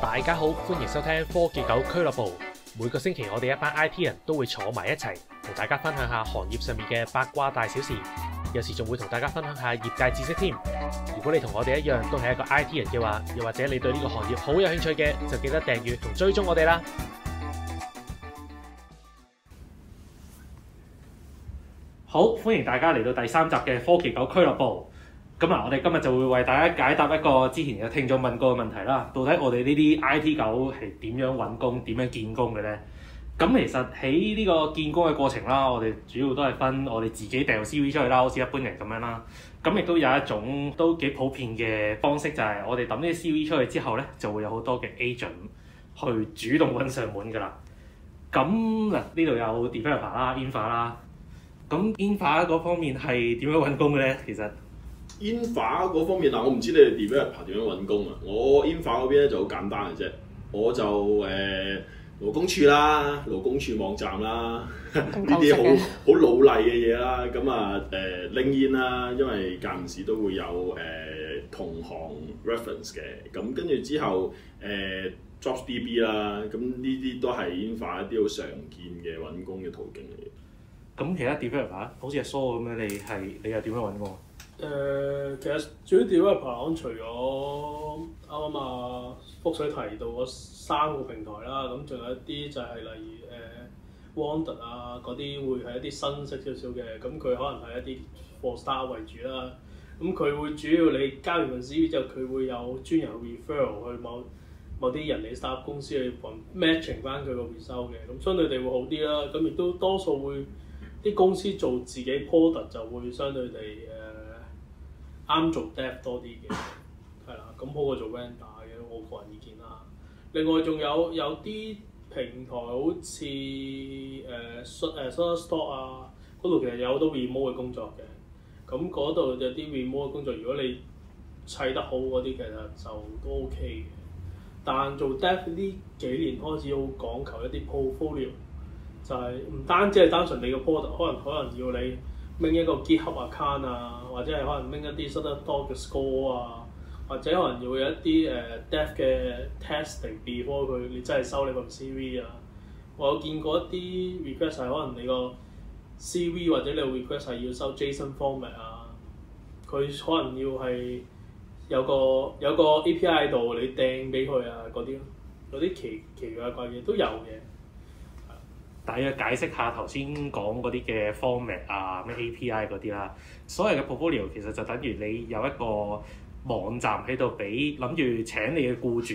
大家好，歡迎收聽科技狗俱樂部。每個星期我哋一班 IT 人都會坐埋一齊，同大家分享下行業上面嘅八卦大小事，有時仲會同大家分享下業界知識添。如果你同我哋一樣都係一個 IT 人嘅話，又或者你對呢個行業好有興趣嘅，就記得訂閱同追蹤我哋啦。好，歡迎大家嚟到第三集嘅科技狗俱樂部。咁啊！我哋今日就會為大家解答一個之前有聽眾問過嘅問題啦。到底我哋呢啲 I T 狗係點樣揾工、點樣建工嘅呢？咁其實喺呢個建工嘅過程啦，我哋主要都係分我哋自己掟 CV 出去啦，好似一般人咁樣啦。咁亦都有一種都幾普遍嘅方式，就係、是、我哋抌呢啲 CV 出去之後呢，就會有好多嘅 agent 去主動揾上門噶、er、啦。咁嗱，呢度有 developer 啦、engineer 啦。咁 engineer 嗰方面係點樣揾工嘅呢？其實煙化嗰方面嗱，我唔知你哋 developer 點樣揾工啊？我 i 煙化嗰邊咧就好簡單嘅啫，我就誒勞工處啦，勞工處網站啦，呢啲好好努力嘅嘢啦。咁啊誒拎煙啦，呃、in, 因為間唔時都會有誒、呃、同行 reference 嘅。咁跟住之後、呃、d r o p d b 啦，咁呢啲都係煙化一啲好常見嘅揾工嘅途徑嚟。嘅。咁其他 developer 好似阿蘇咁樣，你係你又點樣揾工誒，uh, 其實主要點咧，排網除咗啱啱啊福水提到嗰三個平台啦，咁仲有一啲就係例如誒、uh, w a n d e r 啊嗰啲，會係一啲新式少少嘅，咁佢可能係一啲 for start 為主啦。咁佢會主要你交完份 c 料之後，佢會有專人 refer r a l 去某某啲人哋 s t a r 公司去 matching 翻佢個月收嘅，咁相對地會好啲啦。咁亦都多數會啲公司做自己 p r o d u c t 就會相對地誒。啱做 Dev 多啲嘅，係啦，咁好過做 Vendor 嘅，我個人意見啦。另外仲有有啲平台好似誒 Source 誒 Source Code 啊，嗰度其實有好多 Remote 嘅工作嘅。咁嗰度有啲 Remote 嘅工作，如果你砌得好嗰啲，其實就都 OK 嘅。但做 Dev 呢幾年開始好講求一啲 Portfolio，就係、是、唔單止係單純你個 portfolio 可能可能要你。拎一個 GitHub account 啊，或者係可能拎一啲收得多嘅 score 啊，或者可能要有一啲誒 death 嘅 test 嚟 before 佢，你 真係收你份 CV 啊。我有見過一啲 request 可能你個 CV 或者你 request 係要收 JSON a format 啊，佢可能要係有個有個 API 度你掟俾佢啊嗰啲咯，啲奇，奇奇怪怪嘅都有嘅。大約解釋下頭先講嗰啲嘅 format 啊，咩 API 嗰啲啦，所謂嘅 portfolio 其實就等於你有一個網站喺度俾，諗住請你嘅僱主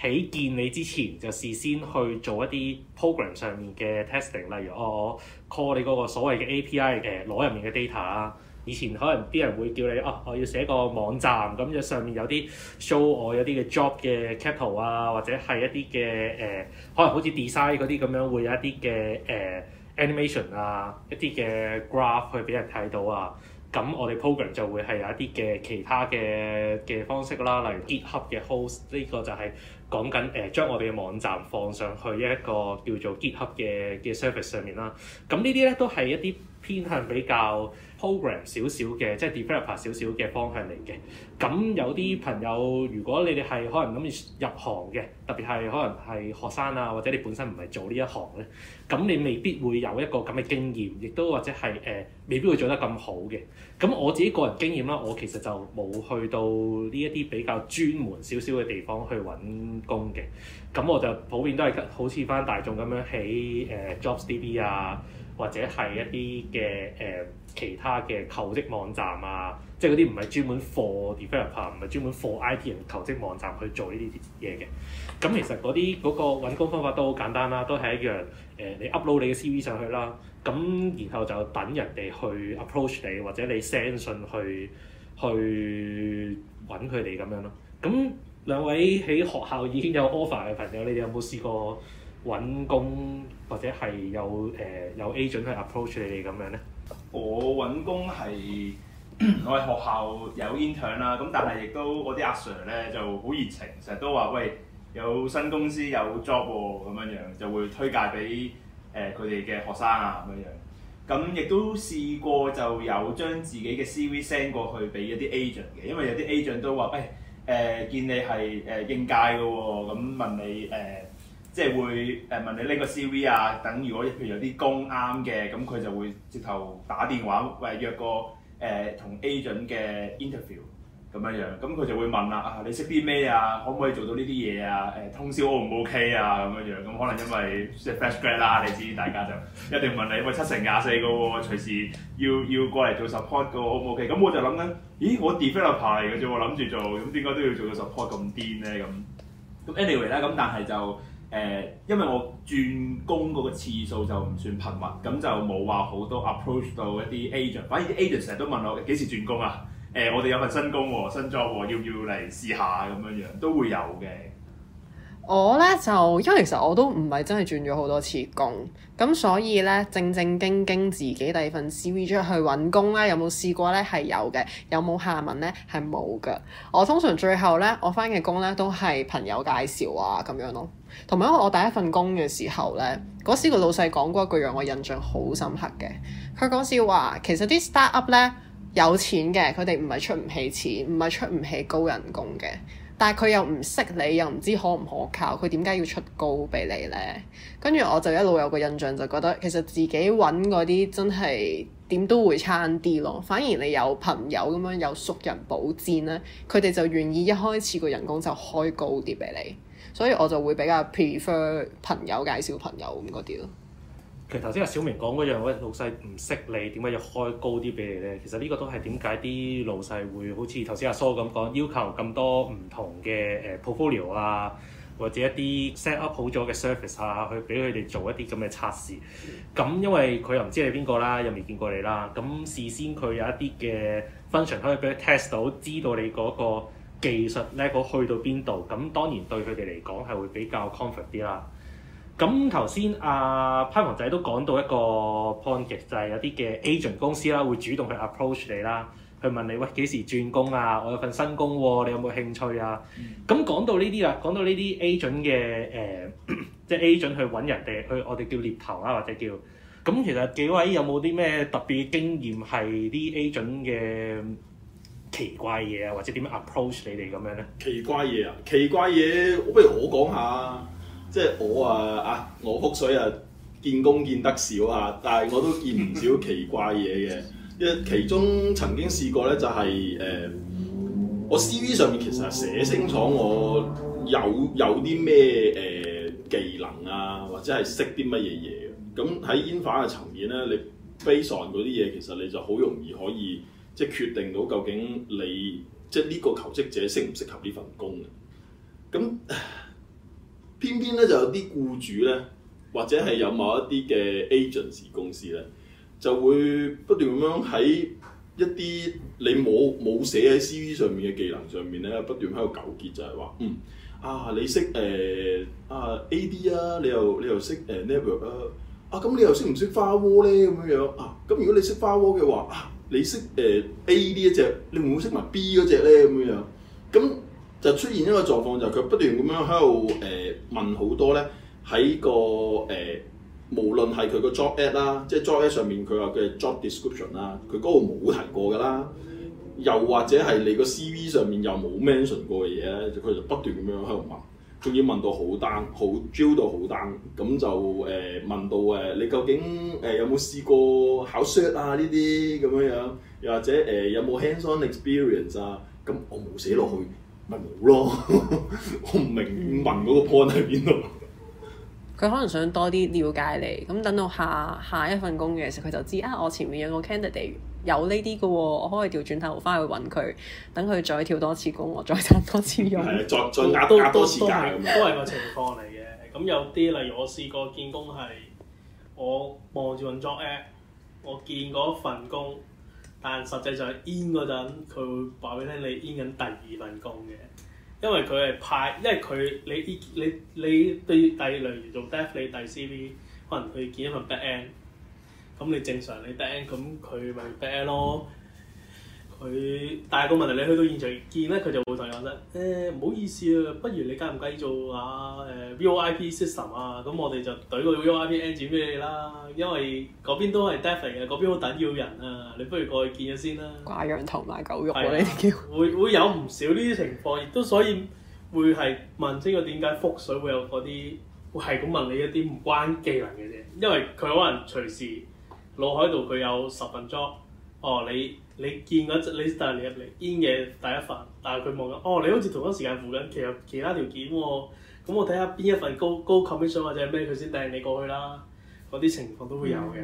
喺見你之前就事、是、先去做一啲 program 上面嘅 testing，例如、啊、我 call 你嗰個所謂嘅 API 嘅攞入面嘅 data 啊。以前可能啲人會叫你哦，我要寫個網站，咁就上面有啲 show 我有啲嘅 job 嘅 c a t 劇圖啊，或者係一啲嘅誒，可能好似 design 嗰啲咁樣，會有一啲嘅誒 animation 啊，一啲嘅 graph 去俾人睇到啊。咁我哋 program 就會係有一啲嘅其他嘅嘅方式啦，例如 GitHub 嘅 host 呢個就係、是、講緊誒將、呃、我哋嘅網站放上去一個叫做 GitHub 嘅嘅 service 上面啦。咁呢啲咧都係一啲偏向比較。program 少少嘅，即係 developer 少少嘅方向嚟嘅。咁有啲朋友，如果你哋係可能諗住入行嘅，特別係可能係學生啊，或者你本身唔係做呢一行咧，咁你未必會有一個咁嘅經驗，亦都或者係誒、呃、未必會做得咁好嘅。咁我自己個人經驗啦，我其實就冇去到呢一啲比較專門少少嘅地方去揾工嘅。咁我就普遍都係好似翻大眾咁樣起，起、呃、誒 JobsDB 啊，或者係一啲嘅誒。呃其他嘅求職網站啊，即係嗰啲唔係專門 for developer 唔係專門 for IT 人求職網站去做呢啲嘢嘅。咁其實嗰啲嗰個揾工方法都好簡單啦，都係一樣。誒、呃，你 upload 你嘅 CV 上去啦，咁然後就等人哋去 approach 你，或者你 send 信去去揾佢哋咁樣咯。咁兩位喺學校已經有 offer 嘅朋友，你哋有冇試過揾工或者係有誒、呃、有 agent 去 approach 你哋咁樣咧？我揾工係 我喺學校有 intern 啦，咁但係亦都我啲阿 sir 咧就好熱情，成日都話喂有新公司有 job 咁、啊、樣樣，就會推介俾誒佢哋嘅學生啊咁樣樣。咁亦都試過就有將自己嘅 CV send 過去俾一啲 agent 嘅，因為有啲 agent 都話喂，誒、哎呃、見你係誒應屆嘅喎，咁、呃、問你誒。呃即係會誒問你呢個 CV 啊，等如果譬如有啲工啱嘅，咁佢就會直頭打電話，喂約個誒同 agent 準嘅 interview 咁樣樣。咁佢就會問啦，啊你識啲咩啊？可唔可以做到呢啲嘢啊？誒通宵 O 唔 OK 啊？咁樣樣，咁可能因為 fresh grade 啦，你知大家就一定問你，喂、呃、七成廿四個喎，隨時要要過嚟做 support 個 O 唔 OK？咁我就諗緊，咦我 developer 嚟嘅啫，我諗住做，咁點解都要做到 support 咁癲咧？咁咁 anyway 啦，咁但係就。誒，因為我轉工嗰個次數就唔算頻密，咁就冇話好多 approach 到一啲 agent。反而啲 agent 成日都問我幾時轉工啊？誒、呃，我哋有份新工喎、啊，新 job 喎、啊，要唔要嚟試下咁、啊、樣樣？都會有嘅。我咧就因為其實我都唔係真係轉咗好多次工，咁所以咧正正經經自己第二份 CV 出去揾工咧，有冇試過咧？係有嘅，有冇下文咧？係冇嘅。我通常最後咧我返嘅工咧都係朋友介紹啊咁樣咯。同埋我第一份工嘅時候咧，嗰時個老細講過一句讓我印象好深刻嘅，佢講笑話其實啲 startup 咧有錢嘅，佢哋唔係出唔起錢，唔係出唔起高人工嘅。但係佢又唔識你，又唔知可唔可靠，佢點解要出高俾你呢？跟住我就一路有個印象，就覺得其實自己揾嗰啲真係點都會差啲咯。反而你有朋友咁樣有熟人保薦呢，佢哋就願意一開始個人工就開高啲俾你，所以我就會比較 prefer 朋友介紹朋友咁嗰啲咯。其實頭先阿小明講嗰樣，喂老細唔識你，點解要開高啲俾你咧？其實呢個都係點解啲老細會好似頭先阿蘇咁講，要求咁多唔同嘅誒 portfolio 啊，或者一啲 set up 好咗嘅 service 啊，去俾佢哋做一啲咁嘅測試。咁因為佢又唔知你邊個啦，又未見過你啦，咁事先佢有一啲嘅 function 可以俾佢 test 到，知道你嗰個技術 level 去到邊度。咁當然對佢哋嚟講係會比較 comfort 啲啦。咁頭先阿潘王仔都講到一個 point，就係有啲嘅 agent 公司啦，會主動去 approach 你啦，去問你喂幾時轉工啊？我有份新工喎、啊，你有冇興趣啊？咁講、嗯、到呢啲啦，講到呢啲 agent 嘅誒，即、呃、係、就是、agent 去揾人哋，去我哋叫獵頭啦，或者叫咁。其實幾位有冇啲咩特別經驗係啲 agent 嘅奇怪嘢啊？或者點樣 approach 你哋咁樣咧？奇怪嘢啊！奇怪嘢，我不如我講下。即係我啊，啊，我覆水啊，見功見得少啊，但係我都見唔少奇怪嘢嘅。一其中曾經試過咧、就是，就係誒，我 CV 上面其實寫清楚我有有啲咩誒技能啊，或者係識啲乜嘢嘢嘅。咁喺煙化嘅層面咧，你悲 a 嗰啲嘢，其實你就好容易可以即係確定到究竟你即係呢個求職者適唔適合呢份工嘅。咁偏偏咧就有啲僱主咧，或者係有某一啲嘅 agency 公司咧，就會不斷咁樣喺一啲你冇冇寫喺 CV 上面嘅技能上面咧，不斷喺度糾結就係話，嗯啊，你識誒啊 A D 啊，你又你又識誒 Neuro 啊，啊咁你又識唔識花窩咧咁樣樣啊？咁如果你識花窩嘅話啊，你識誒 A 呢一隻，你會唔會識埋 B 嗰隻咧咁樣樣？咁啊就出現一個狀況，就佢不斷咁樣喺度誒問好多咧，喺個誒無論係佢個 job ad 啦，即係 job ad 上面佢話佢係 job description 啦，佢嗰度冇提過㗎啦，又或者係你個 CV 上面又冇 mention 過嘅嘢咧，佢就不斷咁樣喺度問，仲要問到好 down，好 drill 到好 down，咁就誒、呃、問到誒、呃、你究竟誒、呃、有冇試過考 cert 啊呢啲咁樣樣，又或者誒、呃、有冇 hands-on experience 啊？咁我冇寫落去。咯， 我唔明問嗰個 point 喺邊度。佢可能想多啲了解你，咁等到下下一份工嘅時候，佢就知啊，我前面有個 candidate 有呢啲嘅喎，我可以調轉頭翻去揾佢，等佢再跳多次工，我再賺多次用。係啊， 再再壓多時間，都係都係個情況嚟嘅。咁有啲例如我試過見工係，我望住揾 job app，我見嗰份工。但實際上 in 嗰陣，佢會話俾你聽你 in 緊第二份工嘅，因為佢係派，因為佢你你你對第二類，做 death 你第 CV，可能去見一份 back end，咁你正常你 back end，咁佢咪 back end 咯。 佢但係個問題，你去到現場見咧，佢就會同你講：誒、欸、唔好意思啊，不如你計唔計做啊？誒、啊、V I P system 啊？咁、嗯、我哋就懟個 V I P agent 俾你啦。因為嗰邊都係 dead 嘅，嗰邊好緊要人啊。你不如過去見一先啦。掛羊頭賣狗肉呢、啊、啲、啊， 會有唔少呢啲情況，亦都所以會係問清楚點解覆水會有嗰啲，會係咁問你一啲唔關技能嘅啫。因為佢可能隨時腦海度佢有十分 job，哦你。你見嗰隻你突你入嚟，煙嘅第一份，但係佢望緊，哦，你好似同一時間附近，其實其他條件喎、哦，咁我睇下邊一份高高 commission 或者咩，佢先掟你過去啦，嗰啲情況都會有嘅。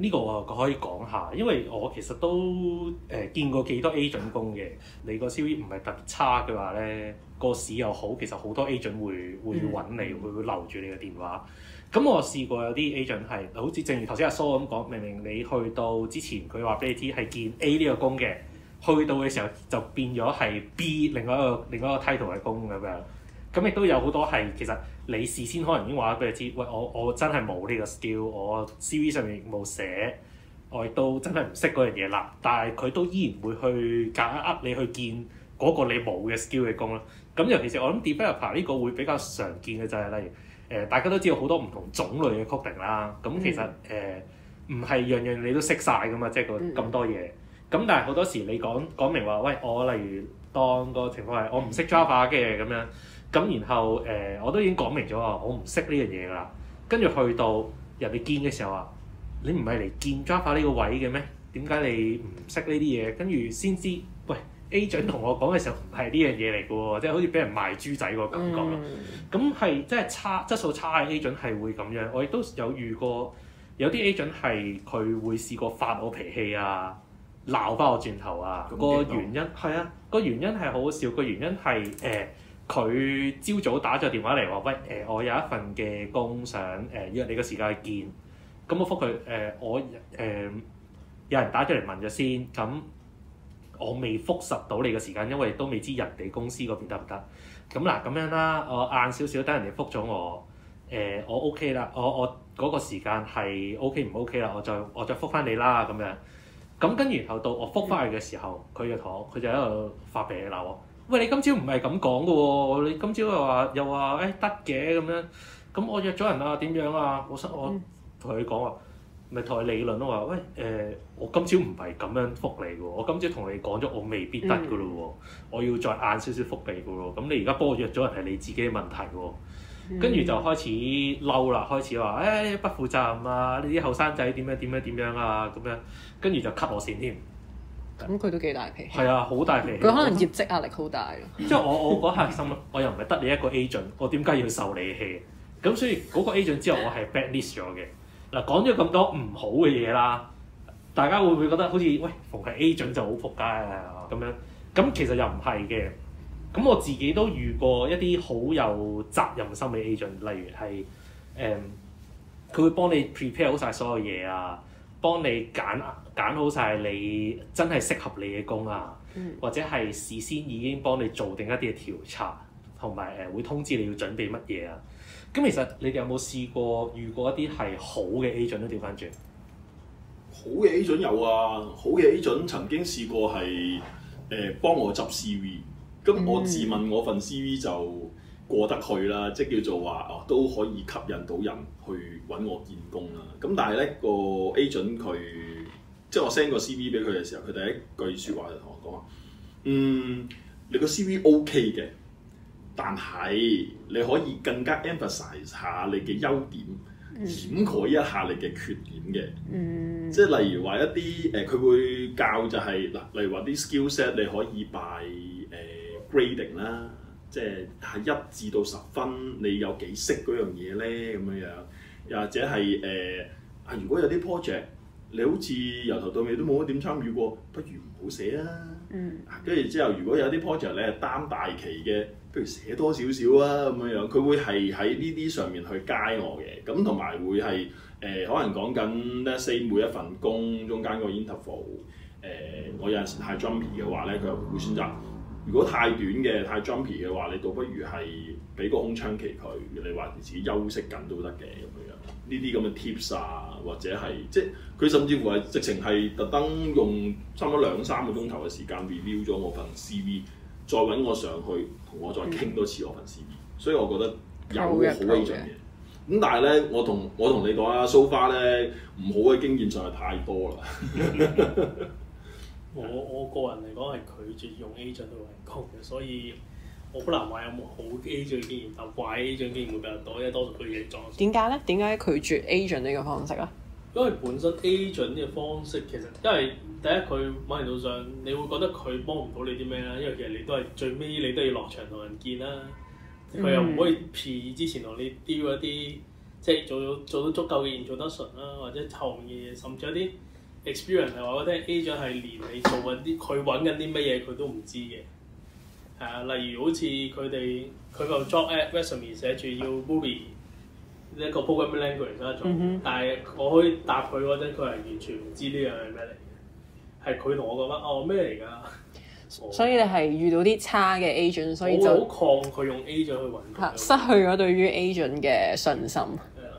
呢、嗯、個我可以講下，因為我其實都誒、呃、見過幾多 agent 工嘅，你個 CV 唔係特別差嘅話咧，個市又好，其實好多 agent 會會揾你，嗯、會留住你嘅電話。咁我試過有啲 agent 係，好似正如頭先阿蘇咁講，明明你去到之前佢話俾你知係見 A 呢個工嘅，去到嘅時候就變咗係 B 另外一個另外一個 title 嘅工咁樣。咁亦都有好多係其實你事先可能已經話俾你知，喂，我我真係冇呢個 skill，我 CV 上面冇寫，我亦都真係唔識嗰樣嘢啦。但係佢都依然會去夾一噏你去見嗰個你冇嘅 skill 嘅工啦。咁尤其是我諗 developer 呢個會比較常見嘅就係、是、例如。誒、呃，大家都知道好多唔同種類嘅 coding 啦。咁其實誒，唔係樣樣你都識晒噶嘛，即係咁多嘢。咁、啊、但係好多時你講講明話，喂，我例如當個情況係我唔識 Java 嘅咁樣，咁然後誒、呃、我都已經講明咗啊，我唔識呢樣嘢噶啦。跟住去到人哋見嘅時候啊，你唔係嚟見 Java 呢個位嘅咩？點解你唔識呢啲嘢？跟住先知。agent 同我講嘅時候唔係呢樣嘢嚟嘅喎，即係好似俾人賣豬仔個感覺咯。咁係即係差質素差嘅 agent 係會咁樣，我亦都有遇過有啲 agent 係佢會試過發我脾氣啊，鬧翻我轉頭啊。個原因係啊，個原因係好好笑。個原因係誒，佢朝早打咗電話嚟話，喂誒，我有一份嘅工想誒約你個時間去見。咁我復佢誒，我誒有人打咗嚟問咗先咁。我未覆實到你嘅時間，因為都未知人哋公司嗰邊得唔得。咁嗱，咁樣啦，我晏少少等人哋覆咗我。誒、呃，我 OK 啦，我我嗰個時間係 OK 唔 OK 啦，我就我再覆返你啦咁樣。咁跟然後到我覆返佢嘅時候，佢嘅堂，佢就喺度發病啦我，我「喂，你今朝唔係咁講㗎喎，你今朝又話又話誒得嘅咁樣。咁我約咗人啦，點樣啊？我我同佢講話。咪同佢理論咯，話，喂，誒、呃，我今朝唔係咁樣覆你嘅，我今朝同你講咗，我未必得嘅咯喎，嗯、我要再晏少少覆你嘅咯，咁你而家幫我約咗人係你自己問題喎，跟住、嗯、就開始嬲啦，開始話，誒、哎，不負責任啊，呢啲後生仔點樣點樣點樣啊咁樣，跟住就 cut 我線添，咁佢都幾大脾氣，係啊，好大脾氣，佢可能業績壓力好大，即係我不 我嗰下心，我又唔係得你一個 agent，我點解要受你氣？咁所以嗰個 agent 之後我係 bad list 咗嘅。嗱講咗咁多唔好嘅嘢啦，大家會唔會覺得好似喂，逢係 agent 就好仆街啊咁樣？咁其實又唔係嘅。咁我自己都遇過一啲好有責任心嘅 agent，例如係誒，佢、嗯、會幫你 prepare 好晒所有嘢啊，幫你揀揀好晒你真係適合你嘅工啊，嗯、或者係事先已經幫你做定一啲嘅調查，同埋誒會通知你要準備乜嘢啊。咁其實你哋有冇試過遇過一啲係好嘅 agent 都調翻轉？好嘅 agent 有啊，好嘅 agent 曾經試過係誒幫我執 CV。咁我自問我份 CV 就過得去啦，即係叫做話哦、啊、都可以吸引到人去揾我見工啦。咁但係咧、呢個 agent 佢即係我 send 個 CV 俾佢嘅時候，佢第一句説話就同我講話：嗯，你個 CV OK 嘅。但係你可以更加 emphasize 下你嘅優點，掩蓋、嗯、一下你嘅缺點嘅。嗯、即係例如話一啲誒，佢、呃、會教就係、是、嗱，例如話啲 skillset 你可以 by 誒、uh, grading 啦，即係喺一至到十分，你有幾識嗰樣嘢咧咁樣樣。又或者係誒啊，如果有啲 project，你好似由頭到尾都冇乜點參與過，不如唔好寫啦。嗯，跟住之後如果有啲 project 你係擔大旗嘅。寫多少少啊咁樣樣，佢會係喺呢啲上面去 guide 我嘅，咁同埋會係誒、呃、可能講緊，let's say 每一份工中間個 interval，誒、呃、我有陣時太 jumpy 嘅話咧，佢又會選擇，如果太短嘅太 jumpy 嘅話，你倒不如係俾個空窗期佢，你或者自己休息緊都得嘅咁樣樣。呢啲咁嘅 tips 啊，或者係即係佢甚至乎係直情係特登用差唔多兩三個鐘頭嘅時間 review 咗我份 CV。再揾我上去同我再傾多次我份事業，嗯、所以我覺得有好 agent 嘅。咁但係咧，我同我同你講啊，So far 咧唔好嘅經驗實在太多啦。 我我個人嚟講係拒絕用 agent 都嚟講嘅，所以我有有好難話有冇好 agent 嘅經驗，就怪 agent 經驗會比較多，因為多數佢嘢做。點解咧？點解拒絕 agent 呢個方式啊？因為本身 agent 呢個方式其實因為。第一佢某程度上，你會覺得佢幫唔到你啲咩啦，因為其實你都係最尾你都要落場同人見啦。佢、mm hmm. 又唔可以譬如之前同你丟一啲，即係做做到足夠嘅嘢做得順啦，或者嘅嘢，甚至有啲 experience，係話我聽 A 長係連你做緊啲，佢揾緊啲乜嘢佢都唔知嘅。係啊，例如好似佢哋佢個 job at resume 寫住要 Ruby 一個 programming language 仲，mm hmm. 但係我可以答佢嗰陣，佢係完全唔知呢樣係咩嚟。係佢同我講啦，哦咩嚟噶？所以你係遇到啲差嘅 agent，所以就好抗拒用 agent 去揾工，失去咗對於 agent 嘅信心。Yeah.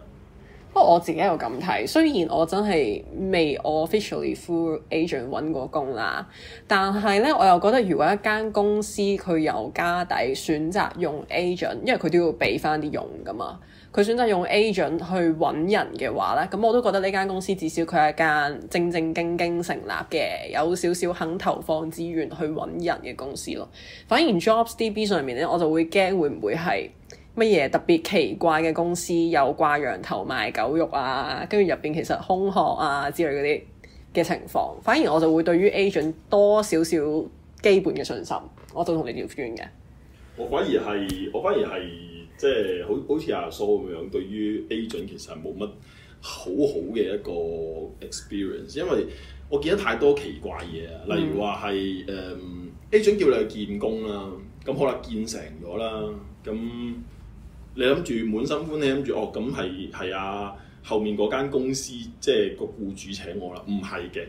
不過我自己又咁睇，雖然我真係未 officially through agent 揾過工啦，但係咧我又覺得，如果一間公司佢有家底，選擇用 agent，因為佢都要俾翻啲用噶嘛。佢選擇用 agent 去揾人嘅話呢，咁我都覺得呢間公司至少佢係間正正經經成立嘅，有少少肯投放資源去揾人嘅公司咯。反而 JobsDB 上面呢，我就會驚會唔會係乜嘢特別奇怪嘅公司又掛羊頭賣狗肉啊，跟住入邊其實空殼啊之類嗰啲嘅情況。反而我就會對於 agent 多少少基本嘅信心，我都同你調轉嘅。我反而係，我反而係。即係好好似阿蘇咁樣，對於 agent 其實係冇乜好好嘅一個 experience，因為我見得太多奇怪嘢啊，例如話係誒 agent 叫你去見工啦，咁可能見成咗啦，咁你諗住滿心歡喜，諗住哦咁係係啊，後面嗰間公司即係、就是、個僱主請我啦，唔係嘅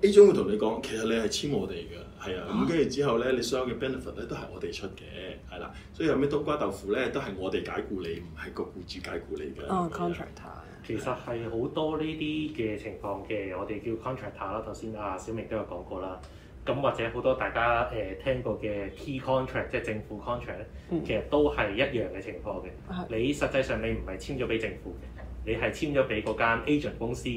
，agent 會同你講，其實你係簽我哋嘅。係啊，咁跟住之後咧，你所有嘅 benefit 咧都係我哋出嘅，係啦，所以有咩冬瓜豆腐咧都係我哋解雇你，唔係個雇主解雇你嘅。哦，contractor。其實係好多呢啲嘅情況嘅，我哋叫 contractor 啦。頭先阿小明都有講過啦。咁或者好多大家誒、呃、聽過嘅 key contract，即係政府 contract，其實都係一樣嘅情況嘅。你實際上你唔係簽咗俾政府嘅，你係簽咗俾嗰間 agent 公司，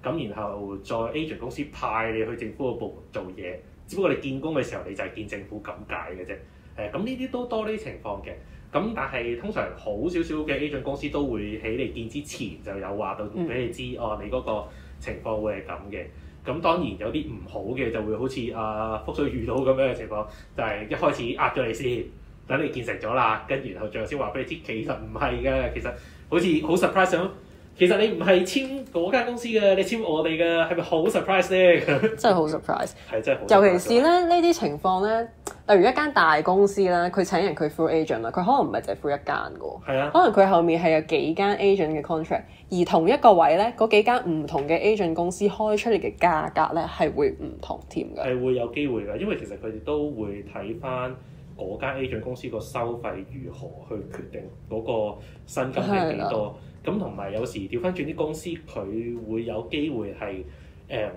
咁然後再 agent 公司派你去政府個部門做嘢。只不過你見工嘅時候，你就係見政府咁解嘅啫。誒、呃，咁呢啲都多啲情況嘅。咁但係通常好少少嘅 agent 公司都會喺你見之前就有話到俾你知，嗯、哦，你嗰個情況會係咁嘅。咁、嗯、當然有啲唔好嘅就會好似阿、啊、福水遇到咁樣嘅情況，就係、是、一開始呃咗你先，等你見成咗啦，跟住然後最後先話俾你知，其實唔係㗎，其實好似好 surprising。其實你唔係簽嗰間公司嘅，你簽我哋嘅，係咪好 surprise 咧？ 真係好 surprise，係真係。 尤其是咧呢啲情況咧，例如一間大公司啦，佢請人佢 full agent 啦，佢可能唔係淨係 full 一間嘅，係啊，可能佢後面係有幾間 agent 嘅 contract，而同一個位咧，嗰幾間唔同嘅 agent 公司開出嚟嘅價格咧，係會唔同添㗎？係會有機會㗎，因為其實佢哋都會睇翻。嗰間 agent 公司個收費，如何去決定嗰個薪金係幾多？咁同埋有時調翻轉啲公司，佢會有機會係誒、嗯、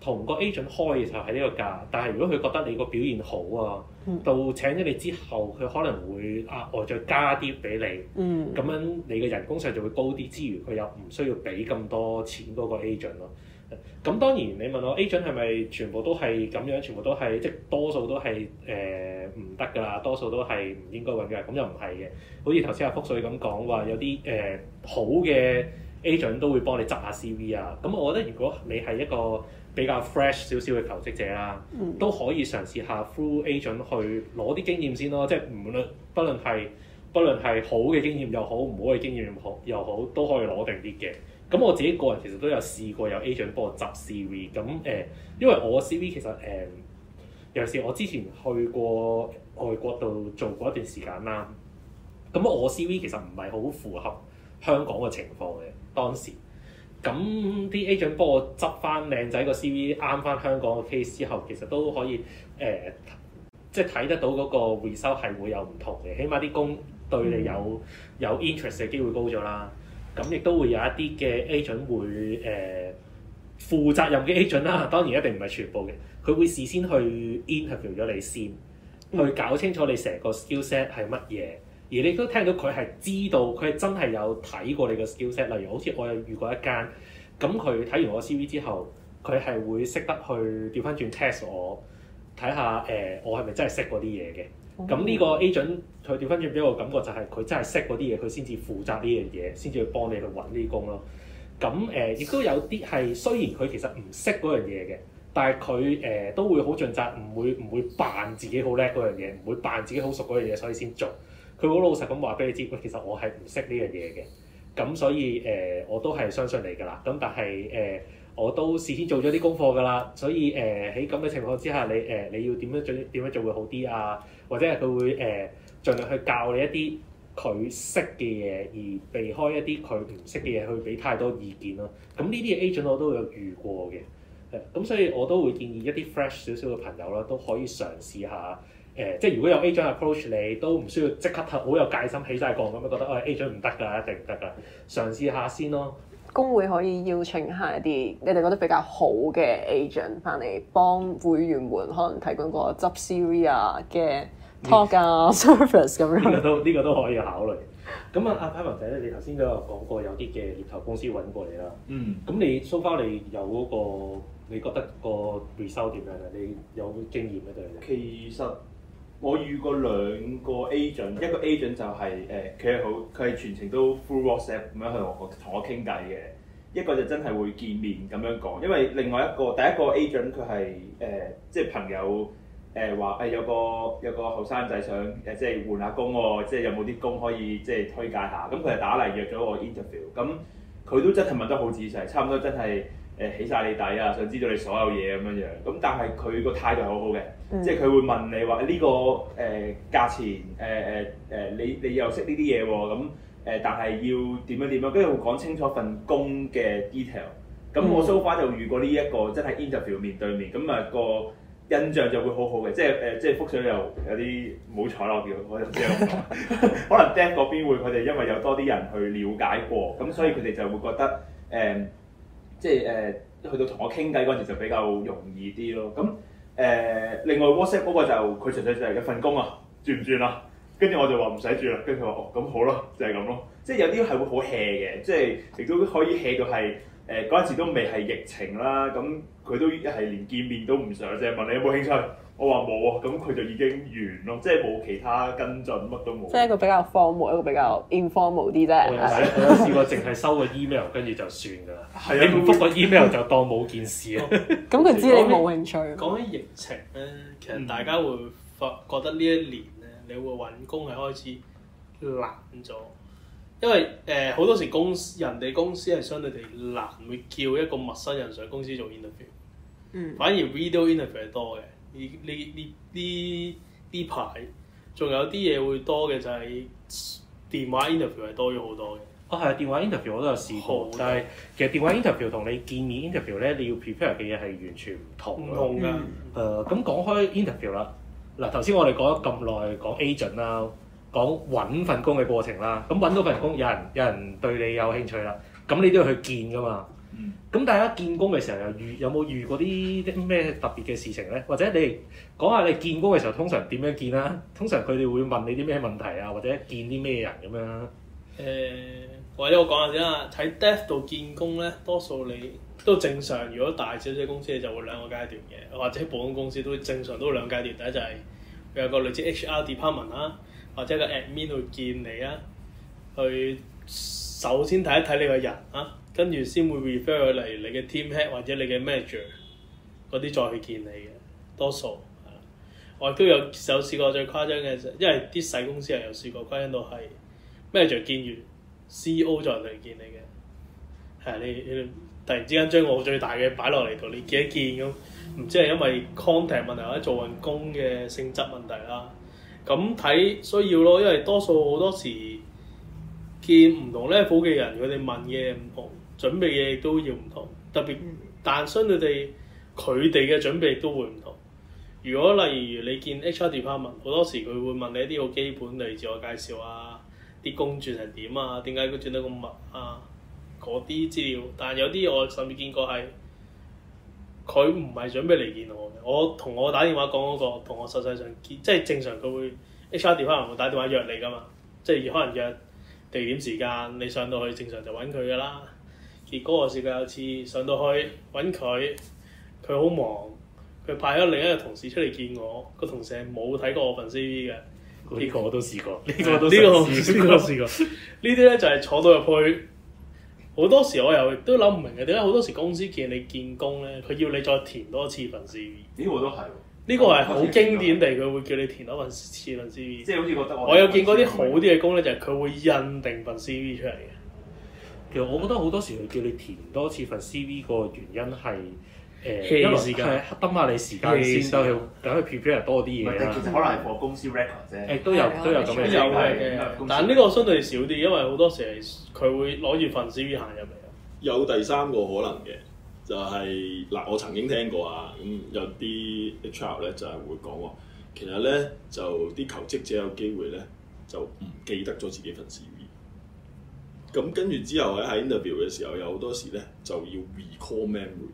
同個 agent 開嘅時候係呢個價，但係如果佢覺得你個表現好啊， 到請咗你之後，佢可能會額外再加啲俾你。咁 樣你嘅人工上就會高啲，之餘佢又唔需要俾咁多錢嗰個 agent 咯、啊。咁當然，你問我 agent 係咪全部都係咁樣，全部都係即係多數都係誒唔得㗎啦，多數都係唔應該揾㗎。咁又唔係嘅，好似頭先阿福水咁講話，有啲誒好嘅 agent 都會幫你執下 CV 啊。咁我覺得如果你係一個比較 fresh 少少嘅求職者啦、哦，都可以嘗試下 through agent 去攞啲經驗先咯。即係唔論，不論係不論係好嘅經驗又好，唔好嘅經驗又好，又好都可以攞定啲嘅。咁我自己個人其實都有試過有 agent 幫我執 CV，咁誒、呃，因為我 CV 其實誒、呃，尤其是我之前去過外國度做過一段時間啦。咁我 CV 其實唔係好符合香港嘅情況嘅，當時。咁啲 agent 幫我執翻靚仔個 CV 啱翻香港嘅 case 之後，其實都可以誒、呃，即係睇得到嗰個 result 係會有唔同嘅，起碼啲工對你有、嗯、有 interest 嘅機會高咗啦。咁亦都會有一啲嘅 agent 會誒負、呃、責任嘅 agent 啦，當然一定唔係全部嘅，佢會事先去 interview 咗你先，去搞清楚你成個 skill set 係乜嘢，而你都聽到佢係知道，佢真係有睇過你個 skill set，例如好似我有遇過一間，咁佢睇完我 CV 之後，佢係會識得去調翻轉 test 我，睇下誒我係咪真係識嗰啲嘢嘅。咁呢、嗯、個 agent 佢調翻轉俾我感覺就，就係佢真係識嗰啲嘢，佢先至負責呢樣嘢，先至去幫你去揾呢啲工咯。咁誒，亦、呃、都有啲係雖然佢其實唔識嗰樣嘢嘅，但係佢誒都會好盡責，唔會唔會扮自己好叻嗰樣嘢，唔會扮自己好熟嗰樣嘢，所以先做。佢好老實咁話俾你知，喂，其實我係唔識呢樣嘢嘅。咁所以誒、呃，我都係相信你㗎啦。咁但係誒、呃，我都事先做咗啲功課㗎啦。所以誒，喺咁嘅情況之下，你誒、呃、你要點樣做點樣做會好啲啊？或者係佢會誒、呃、盡量去教你一啲佢識嘅嘢，而避開一啲佢唔識嘅嘢去俾太多意見咯。咁呢啲嘢 agent 我都有遇過嘅，咁、嗯、所以我都會建議一啲 fresh 少少嘅朋友啦，都可以嘗試下誒、呃，即係如果有 agent approach 你，都唔需要即刻好有戒心起曬槓咁覺得，我 agent 唔得㗎，一定唔得㗎，嘗試下先咯。工會可以邀請下一啲你哋覺得比較好嘅 agent 翻嚟幫會員們可能提供個執 CV 啊嘅 talk 啊、er、service 咁、嗯、樣，呢個都呢、這個都可以考慮。咁啊阿派文仔咧，你頭先都有講過有啲嘅獵頭公司揾過嚟啦，嗯，咁你 so far 你有嗰、那個你覺得個 result 點樣咧？你有經驗咧對唔？其實。我遇過兩個 agent，一個 agent 就係誒佢係好佢係全程都 full WhatsApp 咁樣去同我我同傾偈嘅，一個就真係會見面咁樣講，因為另外一個第一個 agent 佢係誒即係朋友誒話誒有個有個後生仔想誒即係換下工喎，即係有冇啲工可以即係推介下，咁佢就打嚟約咗我 interview，咁佢都真係問得好仔細，差唔多真係。誒起晒你底啊！想知道你所有嘢咁樣樣，咁但係佢個態度好好嘅，嗯、即係佢會問你話呢、這個誒價、呃、錢誒誒誒，你你又識呢啲嘢喎咁誒，但係要點樣點樣，跟住會講清楚份工嘅 detail。咁我 so far 就遇過呢、這、一個真係 interview 面對面，咁、那、啊個印象就會好好嘅，即係誒、呃、即係覆水又有啲唔好彩落嘅，我就唔知點講。 可能 Deb 嗰邊會佢哋因為有多啲人去了解過，咁所以佢哋就會覺得誒。呃即係誒、呃，去到同我傾偈嗰陣就比較容易啲咯。咁誒、呃，另外 WhatsApp 嗰個就佢純粹就係一份工啊，轉唔轉啊？跟住我就話唔使轉啦。跟住話哦，咁好啦，就係、是、咁咯。即係有啲係會好 hea 嘅，即係亦都可以 hea 到係誒嗰陣時都未係疫情啦。咁佢都係連見面都唔想，即係問你有冇興趣。我話冇啊，咁佢就已經完咯，即係冇其他跟進，乜都冇。即係一個比較 formal，一個比較 informal 啲啫。 我又睇，我試過淨係收個 email，跟住就算㗎啦。係啊，你唔覆個 email 就當冇件事啊。咁佢 知你冇興趣。講起 疫情咧，其實大家會發覺得呢一年咧，你會搵工係開始難咗，因為誒好、呃、多時公司人哋公司係相對地難，會叫一個陌生人上公司做 interview。嗯。反而 video interview 係多嘅。呢呢啲呢排仲有啲嘢會多嘅就係電話 interview 係多咗好多嘅。啊係啊，電話 interview 我都有試過，的但係其實電話 interview 同你見面 interview 咧，你要 prepare 嘅嘢係完全唔同㗎。唔誒咁講開 interview 啦，嗱頭先我哋講咗咁耐，講 agent 啦，講揾份工嘅過程啦，咁揾到份工，有人有人對你有興趣啦，咁你都要去見㗎嘛。咁、嗯、大家見工嘅時候又遇有冇遇過啲啲咩特別嘅事情咧？或者你講下你見工嘅時候通常點樣見啦？通常佢哋、啊、會問你啲咩問題啊？或者見啲咩人咁、啊、樣？誒、呃，或者我講下先啦。喺 death 度見工咧，多數你都正常。如果大少少公司你就會兩個階段嘅，或者保險公司都正常都會兩階段。第一就係、是、有個類似 HR department 啦、啊，或者個 Admin 去見你啊，去首先睇一睇你個人啊。跟住先會 refer 佢嚟你嘅 team head 或者你嘅 manager 嗰啲再去見你嘅，多數。我亦都有有試過最誇張嘅，因為啲細公司又有試過誇張到係 manager 見完 CEO 再嚟見你嘅，係你你突然之間將我最大嘅擺落嚟度，你見一見咁。唔知係因為 contact 問題或者做運工嘅性質問題啦。咁睇需要咯，因為多數好多時見唔同 level 嘅人，佢哋問嘅唔同。準備嘅嘢都要唔同，特別但相對地，佢哋嘅準備都會唔同。如果例如你見 H R department 好多時，佢會問你一啲好基本，例如自我介紹啊，啲工轉係點啊，點解佢轉得咁密啊嗰啲資料。但有啲我甚至見過係佢唔係準備嚟見我嘅。我同我打電話講嗰個同我實際上見即係正常，佢會 H R department 會打電話約你㗎嘛，即係可能約地點時間，你上到去正常就揾佢㗎啦。結果我試過有次上到去揾佢，佢好忙，佢派咗另一個同事出嚟見我。個同事係冇睇過我份 CV 嘅。呢個我都試過，呢 個都試過。 試過呢啲咧就係坐到入去，好多時我又都諗唔明嘅。點解好多時公司見你見工咧，佢要你再填多次份 CV？呢個都係，呢個係好經典地，佢 會叫你填多份次份 CV 是。即係 好似覺得我有見過啲好啲嘅工咧，就係、是、佢會印定份 CV 出嚟嘅。 其實我覺得好多時佢叫你填多次份 CV 個原因係誒，因為係慳下你時間先，就等佢 prepare 多啲嘢。其實可能係個公司 record 啫。誒都有都有咁嘅情況，但係呢個相對少啲，因為好多時係佢會攞住份 CV 行入嚟。有第三個可能嘅就係、是、嗱，我曾經聽過啊，咁有啲 HR 咧就係會講話，其實咧就啲求職者有機會咧就唔記得咗自己份事。咁跟住之後咧，喺 interview 嘅時候，有好多時咧就要 recall memory，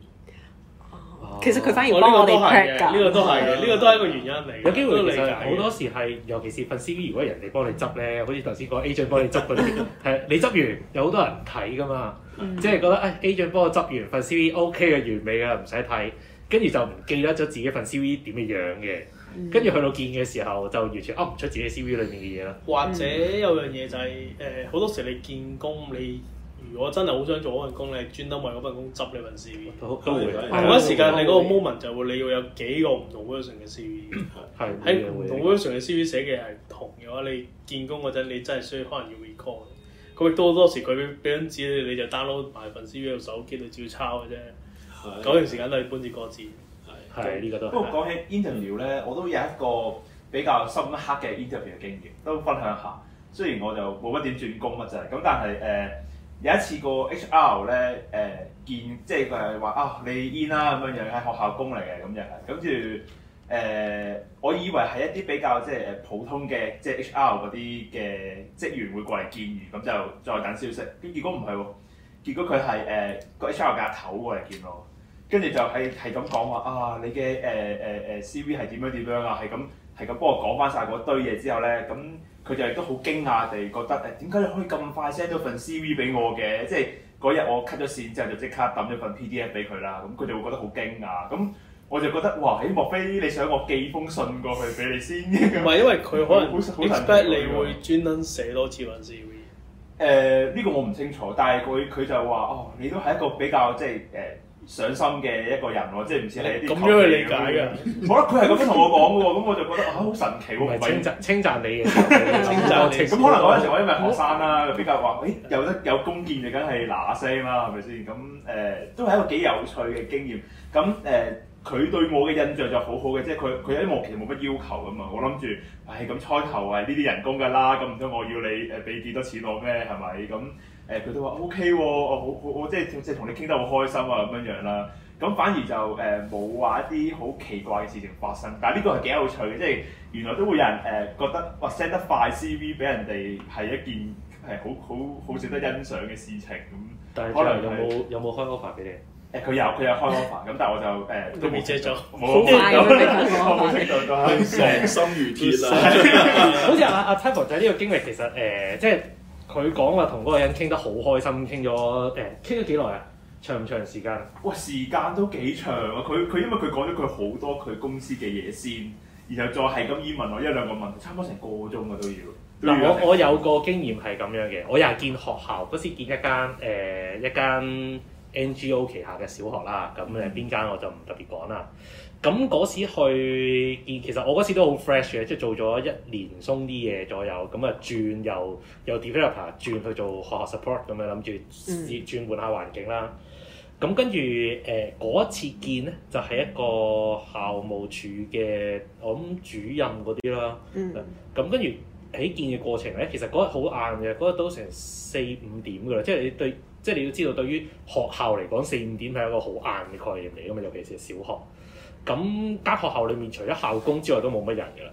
哦。其實佢反而幫我哋 read 㗎。呢、呢個都係嘅，呢到個都係、啊、一個原因嚟。有機會其實好多時係，尤其是份 CV，如果人哋幫你執咧，好似頭先講 agent 幫你執嗰啲，係 你執完有好多人唔睇噶嘛，即係 覺得誒 agent 幫我執完份 CV OK 嘅完美嘅，唔使睇，跟住就唔記得咗自己份 CV 點嘅樣嘅。跟住、嗯、去到見嘅時候，就完全噏唔出自己 C V 裏面嘅嘢啦。或者有樣嘢就係、是、誒，好、呃、多時你見工，你如果真係好想做嗰份工，你係專登為嗰份工執你份 C V 都。都會同一時間，會你嗰個 moment 就會你要有幾個唔同 version 嘅 C V 的。係喺同 version 嘅 C V 寫嘅係同嘅話，你見工嗰陣，你真係需要可能要 record 佢亦都好多時，佢俾張紙你，你就 download 埋份 C V 喺手機度照抄嘅啫。嗰段時間都係搬字過紙。的係，這個、呢個都。不過講起 interview 咧，我都有一個比較深刻嘅 interview 嘅經驗，都分享下。雖然我就冇乜點轉工乜滯，咁但係誒、呃、有一次個 HR 咧誒、呃、見，即係佢係話啊，你 i n 啦、啊、咁樣樣喺學校工嚟嘅咁就係，跟住誒我以為係一啲比較即係普通嘅即係 HR 嗰啲嘅職員會過嚟見面，咁就再等消息。咁結果唔係喎，結果佢係誒個 HR 阿頭過嚟見我。跟住就係係咁講話啊！你嘅誒誒誒 CV 係點樣點樣啊？係咁係咁幫我講翻晒嗰堆嘢之後咧，咁佢就亦都好驚訝地覺得誒點解你可以咁快 send 咗份 CV 俾我嘅？即係嗰日我 cut 咗線之後就即刻抌咗份 PDF 俾佢啦。咁佢哋會覺得好驚訝。咁我就覺得哇、欸！莫非你想我寄封信過去俾你先？唔係 因為佢可能 expect 你會專登寫多次份 CV、呃。誒、這、呢個我唔清楚，但係佢佢就話哦，你都係一個比較即係誒。呃呃上心嘅一個人喎，即係唔似你啲咁樣去理解嘅。好 啊、哦，佢係咁樣同我講嘅喎，咁 我就覺得啊，好、哦、神奇喎。唔係稱讚你嘅，稱讚 你。咁 史可能嗰陣時我因為學生啦， 比較話，誒有得有功見就梗係嗱嗱聲啦，係咪先？咁誒、呃、都係一個幾有趣嘅經驗。咁誒佢對我嘅印象就好好嘅，即係佢佢有啲其實冇乜要求㗎嘛。我諗住，唉、哎、咁初頭係呢啲人工㗎啦，咁唔通我要你誒俾幾多錢我咩？係咪咁？誒佢、呃、都話 OK 喎，我、啊、好我我即係即係同你傾得好開心啊咁樣這樣啦，咁、啊、反而就誒冇話一啲好奇怪嘅事情發生，但係呢個係幾有趣嘅。即係原來都會有人誒、呃、覺得哇 send、呃、得快 CV 俾人哋係一件係好好好值得欣賞嘅事情咁。但係可能有冇有冇開 offer 俾你？誒佢、嗯、有佢有開 offer，咁但係我就誒、呃、都未接咗。好快冇接到到，傷 心如鐵啊！好似阿阿 Timothy 呢個經歷其實誒即係。啊啊啊啊啊佢講話同嗰個人傾得好開心，傾咗誒傾咗幾耐啊？長唔長時間啊？哇！時間都幾長啊！佢佢因為佢講咗佢好多佢公司嘅嘢先，然後再係咁依問我一兩個問，差唔多成個鐘呀都要。嗱，我我有個經驗係咁樣嘅，我又係見學校嗰時見一間誒、呃、一間 NGO 旗下嘅小學啦，咁誒邊間我就唔特別講啦。咁嗰時去見，其實我嗰時都好 fresh 嘅，即係做咗一年鬆啲嘢左右，咁啊轉由，由 developer 轉去做學校 support，咁咪諗住轉換下環境啦。咁跟住誒嗰一次見咧，就係、是、一個校務處嘅我諗主任嗰啲啦。咁跟住喺見嘅過程咧，其實嗰日好晏嘅，嗰日都成四五點噶啦，即係你對，即係你要知道，對於學校嚟講，四五點係一個好晏嘅概念嚟㗎嘛，尤其是小學。咁間學校裏面除咗校工之外都冇乜人噶啦，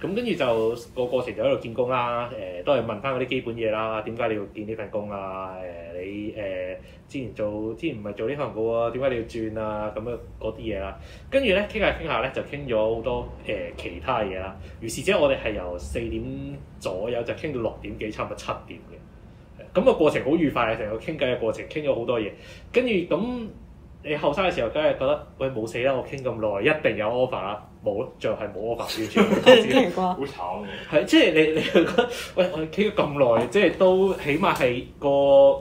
咁跟住就、個過程就喺度見工啦，誒、呃、都係問翻嗰啲基本嘢啦，點解你要見呢份工啊？誒、呃、你誒、呃、之前做之前唔係做呢份工喎、啊，點解你要轉啊？咁樣嗰啲嘢啦，跟住咧傾下傾下咧就傾咗好多誒、呃、其他嘢啦。如是者我哋係由四點左右就傾到六點幾，差唔多七點嘅。咁、個過程好愉快嘅，成個傾偈嘅過程，傾咗好多嘢。跟住咁。你後生嘅時候梗係覺得，喂冇死啦！我傾咁耐，一定有 offer 啦，冇就係冇 offer 標準，好慘喎。即係你，你覺得，喂我傾咗咁耐，即係都起碼係個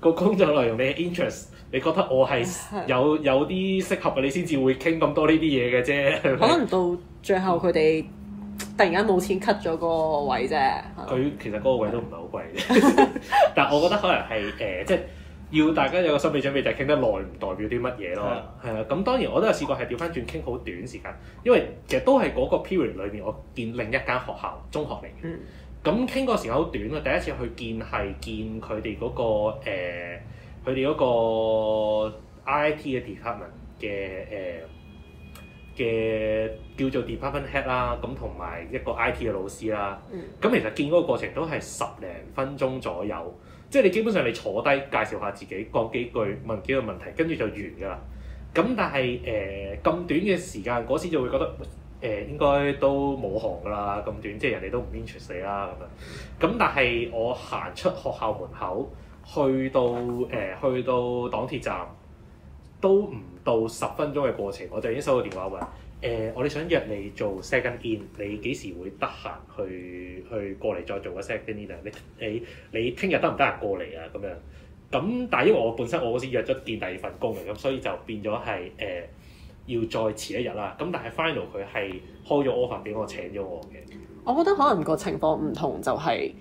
個工作內容你嘅 interest，你覺得我係有有啲適合你先至會傾咁多呢啲嘢嘅啫。可能到最後佢哋突然間冇錢 cut 咗個位啫。佢其實嗰個位都唔係好貴嘅， 但係我覺得可能係誒、呃、即係。要大家有個心理準備，就係、是、傾得耐唔代表啲乜嘢咯。係啊的，咁當然我都有試過係調翻轉傾好短時間，因為其實都係嗰個 period 裏面，我見另一間學校中學嚟嘅。咁傾嗰個時候好短啊，第一次去見係見佢哋嗰個佢哋嗰個 IT 嘅 department 嘅誒嘅、呃、叫做 department head 啦、啊，咁同埋一個 IT 嘅老師啦。咁、嗯、其實見嗰個過程都係十零分鐘左右。即係你基本上你坐低介紹下自己，講幾句問幾個問題，跟住就完㗎啦。咁但係誒咁短嘅時間，嗰時就會覺得誒、呃、應該都冇行㗎啦。咁短即係人哋都唔 interest 你啦咁樣。咁但係我行出學校門口，去到誒、呃、去到港鐵站都唔到十分鐘嘅過程，我就已經收到電話喎。誒、呃，我哋想約你做 second in，你幾時會得閒去去過嚟再做個 second in 啊？你你你聽日得唔得閒過嚟啊？咁樣咁，但係因為我本身我好似約咗見第二份工嘅，咁所以就變咗係誒要再遲一日啦。咁但係 final 佢係開咗 offer 俾我請咗我嘅。我覺得可能個情況唔同，就係、是、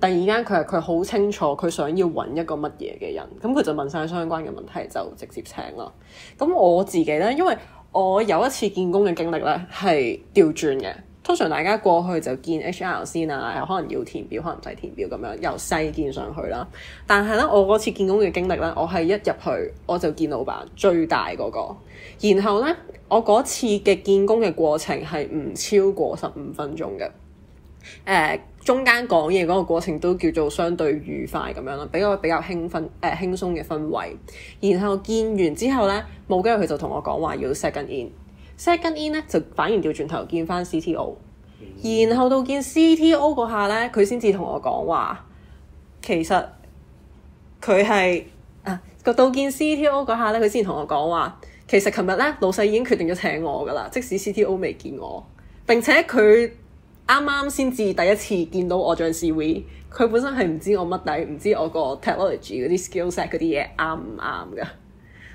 第二間佢係佢好清楚佢想要揾一個乜嘢嘅人，咁佢就問晒相關嘅問題，就直接請啦。咁我自己咧，因為我有一次見工嘅經歷咧，係調轉嘅。通常大家過去就見 HR 先啦，可能要填表，可能唔使填表咁樣，由細見上去啦。但係呢，我嗰次見工嘅經歷呢，我係一入去我就見老闆最大嗰個。然後呢，我嗰次嘅見工嘅過程係唔超過十五分鐘嘅。誒、呃、中間講嘢嗰個過程都叫做相對愉快咁樣啦，比較比較輕、呃、氛誒輕鬆嘅氛圍。然後見完之後咧，冇幾日佢就同我講話要 set 跟 in，set 跟 in 咧就反而掉轉頭見翻 CTO。然後到見 CTO 嗰下咧，佢先至同我講話，其實佢係啊，到見 CTO 嗰下咧，佢先同我講話，其實琴日咧老細已經決定咗請我噶啦，即使 CTO 未見我，並且佢。啱啱先至第一次見到我張 CV，佢本身係唔知我乜底，唔知我個 technology 嗰啲 skillset 嗰啲嘢啱唔啱㗎，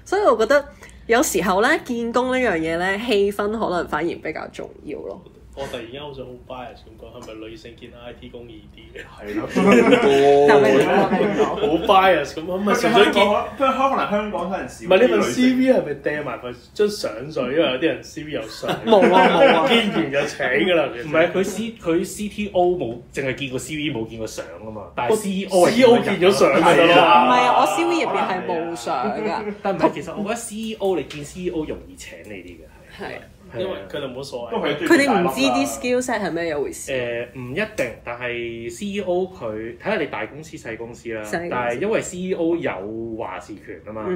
所以我覺得有時候咧見工呢樣嘢咧氣氛可能反而比較重要咯。我突然間好想好 bias 咁講，係咪女性見 I T 工易啲嘅？係啦，好 bias 咁啊，咪純粹講。不過可能香港可能少。唔係你份 C V 係咪掟埋佢張相水？因為有啲人 C V 有相。冇啊冇啊，見完就請㗎啦。唔係佢 C 佢 C T O 冇，淨係見過 C V，冇見過相啊嘛。但係 C E O。C E O 見咗相㗎啦。唔係啊，我 C V 入邊係冇相㗎。但唔係其實我覺得 C E O 你見 C E O 容易請你啲嘅係。係。因為佢哋冇所謂，佢哋唔知啲 skillset 係咩一回事。誒唔、呃、一定，但係 CEO 佢睇下你大公司細公司啦。司但係因為 CEO 有話事權啊嘛。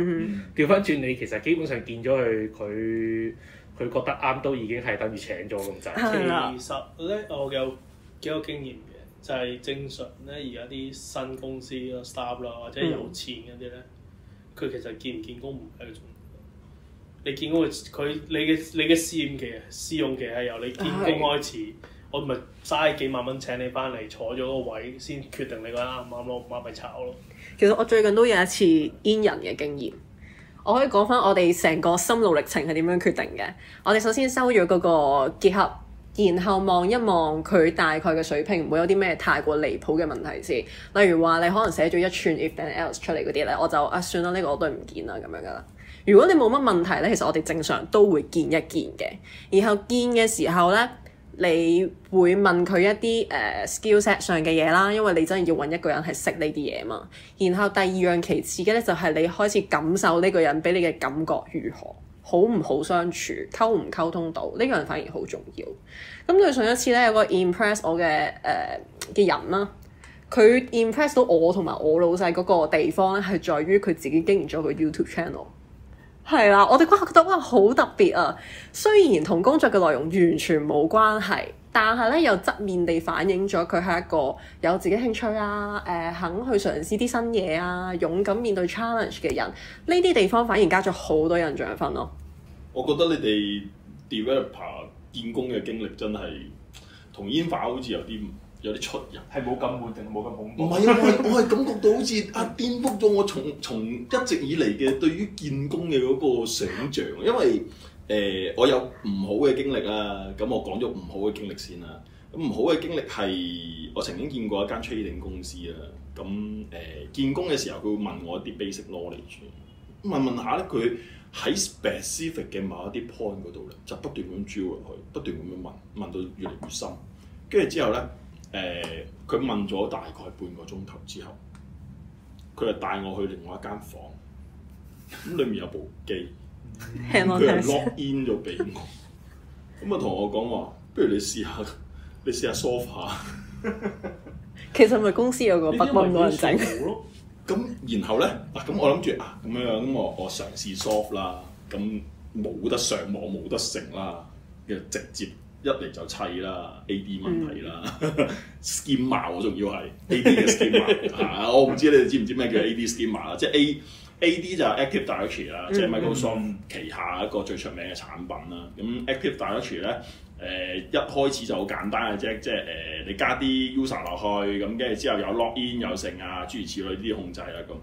調翻轉你其實基本上見咗佢，佢佢覺得啱都已經係等於請咗咁滯。嗯、哼其實咧，我有幾有經驗嘅，就係、是、正常咧，而家啲新公司啦、start 啦或者有錢嗰啲咧，佢、嗯、其實見唔見工唔係佢。你見到嘅佢，你嘅你嘅試驗期、試用期係由你見工開始。的我咪嘥幾萬蚊請你翻嚟坐咗個位先決定你啱唔啱咯，咪炒咯。其實我最近都有一次 in 人嘅經驗，我可以講翻我哋成個心路歷程係點樣決定嘅。我哋首先收咗嗰個結合，然後望一望佢大概嘅水平，唔會有啲咩太過離譜嘅問題先。例如話你可能寫咗一串 if and else 出嚟嗰啲咧，我就啊，算啦，呢個我都唔見啦咁樣噶啦。如果你冇乜問題咧，其實我哋正常都會見一見嘅。然後見嘅時候咧，你會問佢一啲誒、uh, skill set 上嘅嘢啦，因為你真係要揾一個人係識呢啲嘢嘛。然後第二樣其次嘅咧，就係、是、你開始感受呢個人俾你嘅感覺如何，好唔好相處，溝唔溝通到呢、這個人反而好重要。咁對上一次咧，有個 impress 我嘅誒嘅人啦，佢 impress 到我同埋我老細嗰個地方咧，係在於佢自己經營咗個 YouTube channel。係啦，我哋覺得得哇好特別啊！雖然同工作嘅內容完全冇關係，但係咧又側面地反映咗佢係一個有自己興趣啊、誒、呃、肯去嘗試啲新嘢啊、勇敢面對 challenge 嘅人。呢啲地方反而加咗好多印象分咯、啊。我覺得你哋 developer 見工嘅經歷真係同煙花好似有啲有啲出入，係冇咁悶定係冇咁恐怖？唔係啊，我係感覺到好似啊，顛覆咗我從從一直以嚟嘅對於見工嘅嗰個想像。因為誒、呃，我有唔好嘅經歷啦，咁、嗯、我講咗唔好嘅經歷先啦。咁唔好嘅經歷係我曾經見過一間 trading 公司啊。咁、嗯、誒，見、呃、工嘅時候佢會問我一啲 basic knowledge，問問下咧，佢喺 specific 嘅某一啲 point 嗰度咧，就不斷咁 drill 落去，不斷咁樣問，問到越嚟越深，跟住之後咧。誒，佢、呃、問咗大概半個鐘頭之後，佢就帶我去另外一間房，咁裏面有部機，佢就 lock in 咗俾我。咁啊， 同我講話，不如你試下，你試下 solve。其實咪公司有個不穩定。咁 然後咧，啊咁我諗住啊咁樣，咁我我嘗試 solve 啦，咁冇得上網，冇得成啦，跟住直接。一嚟就砌啦，AD 問題啦，schema，我仲要係 AD 嘅 schema 啊！我唔知你哋知唔知咩叫 AD schema 啦？即係 A AD 就 Active Directory 啦，即係 Microsoft 旗下一個最出名嘅產品啦。咁 Active Directory 咧，誒一開始就好簡單嘅啫，即係誒你加啲 user 落去，咁跟住之後有 login 有剩啊，諸如此類呢啲控制啊咁。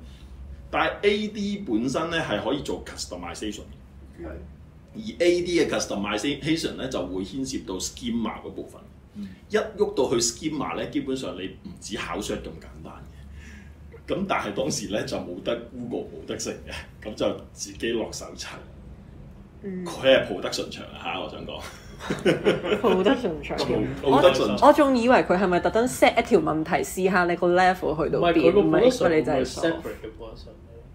但係 AD 本身咧係可以做 customization 嘅。而 A. D. 嘅 customization 咧就會牽涉到 schema 嗰部分。一喐到去 schema 咧，基本上你唔止考術咁簡單嘅。咁但係當時咧就冇得 Google 冇得成嘅，咁就自己落手查。佢係跑得順暢嚇，我想講。跑得順暢。我仲、啊、以為佢係咪特登 set 一條問題試下你個 level 去到邊，唔係佢個 level 係 set 佢嘅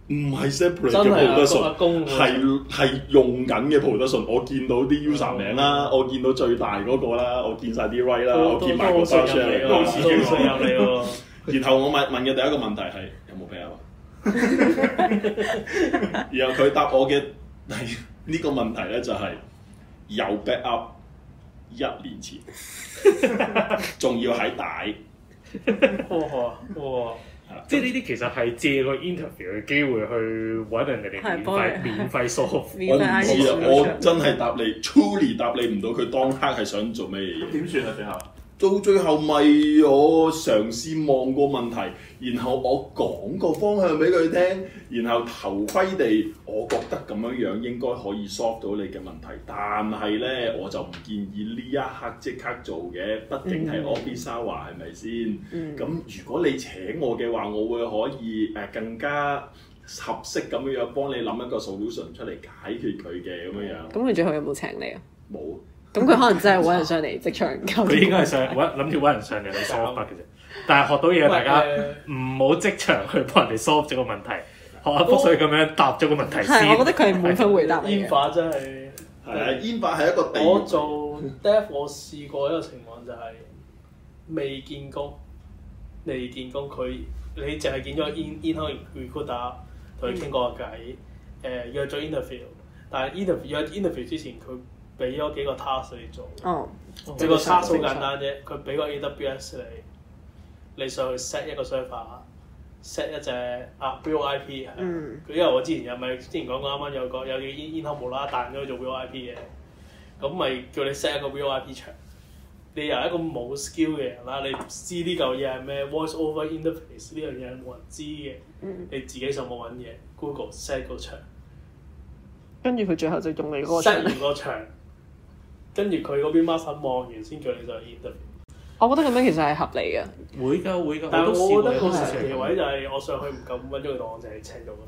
唔係 separate 嘅蒲德順，係係用緊嘅蒲德順。我見到啲 user 名啦，我見到最大嗰個啦，我見晒啲位啦，我見埋個分啦，都信有你喎。然後我問問嘅第一個問題係有冇 backup，然後佢答我嘅呢個問題咧就係有 backup 一年前，仲要喺大。即係呢啲其實係借個 interview 嘅機會去揾人哋哋免費的免費索， 費我唔知啊， 我真係答你 ，truly 答你唔到，佢當刻係想做咩嘢。點算啊？最後？到最後咪我嘗試望個問題，然後我講個方向俾佢聽，然後頭盔地，我覺得咁樣樣應該可以 s o l v 到你嘅問題。但係咧，我就唔建議呢一刻即刻做嘅，畢竟係 open 沙話係咪先？咁、嗯、如果你請我嘅話，我會可以誒更加合適咁樣樣幫你諗一個 solution 出嚟解決佢嘅咁樣樣。咁、嗯、你最後有冇請你啊？冇。咁佢 可能真係揾人上嚟即場溝。佢應該係想揾諗住揾人上嚟你 solve 嘅啫，但係學到嘢，為大家唔好即場去幫人哋 solve 咗個問題，為學下覆水咁樣答咗個問題先。係都，我覺得佢係滿分回答嘅。煙化真係係啊，是煙化係一個弟弟。我做 dev，我試過一個情況就係、是、未見工，未見工，佢你淨係見咗煙煙口型 recorder 同佢傾過偈，誒、嗯、約咗 interview，但係 inter interview 之前佢。俾咗幾個 task 你做，呢、oh，個 task 好簡單啫，佢俾個 AWS 你，你上去 set 一個 server，set 一隻啊 VOIP，係咪？因為我之前又咪之前講過啱啱有個有啲煙煙口無啦彈都去做 VOIP 嘅，咁咪叫你 set 一個 VOIP 場，你又係一個冇 skill 嘅人啦，你唔知呢嚿嘢係咩 voice over interface 呢樣嘢冇人知嘅，你自己上網揾嘢，Google set 個場，跟住佢最後就用你嗰個場。 跟住佢嗰邊馬上望完先叫你上。inter，我覺得咁樣其實係合理嘅，會噶，會噶，但係我覺得個神奇位就係我上去唔夠揾咗個檔就係請到啦，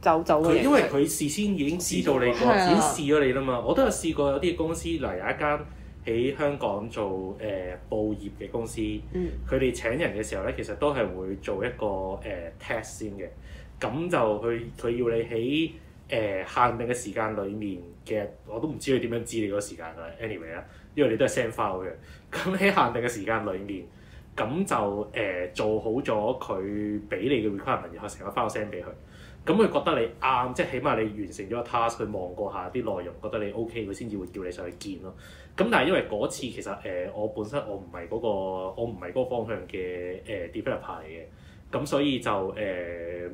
走走佢，因為佢事先已經知道你，試咗你啦嘛，的我都有試過有啲公司，嗱有一間喺香港做誒、呃、報業嘅公司，佢哋、嗯、請人嘅時候咧，其實都係會做一個誒 test、呃、先嘅，咁就佢佢要你喺誒、呃、限定嘅時間裡面。其實我都唔知佢點樣知你嗰個時間㗎。Anyway 咧，因為你都係 send file 嘅，咁喺限定嘅時間裡面，咁就誒、呃、做好咗佢俾你嘅 requirement，然後成個 file send 俾佢。咁佢覺得你啱，即係起碼你完成咗個 task，佢望過下啲內容，覺得你 OK，佢先至會叫你上去見咯。咁但係因為嗰次其實誒、呃、我本身我唔係嗰個我唔係嗰個方向嘅誒、呃、developer 嚟嘅，咁所以就誒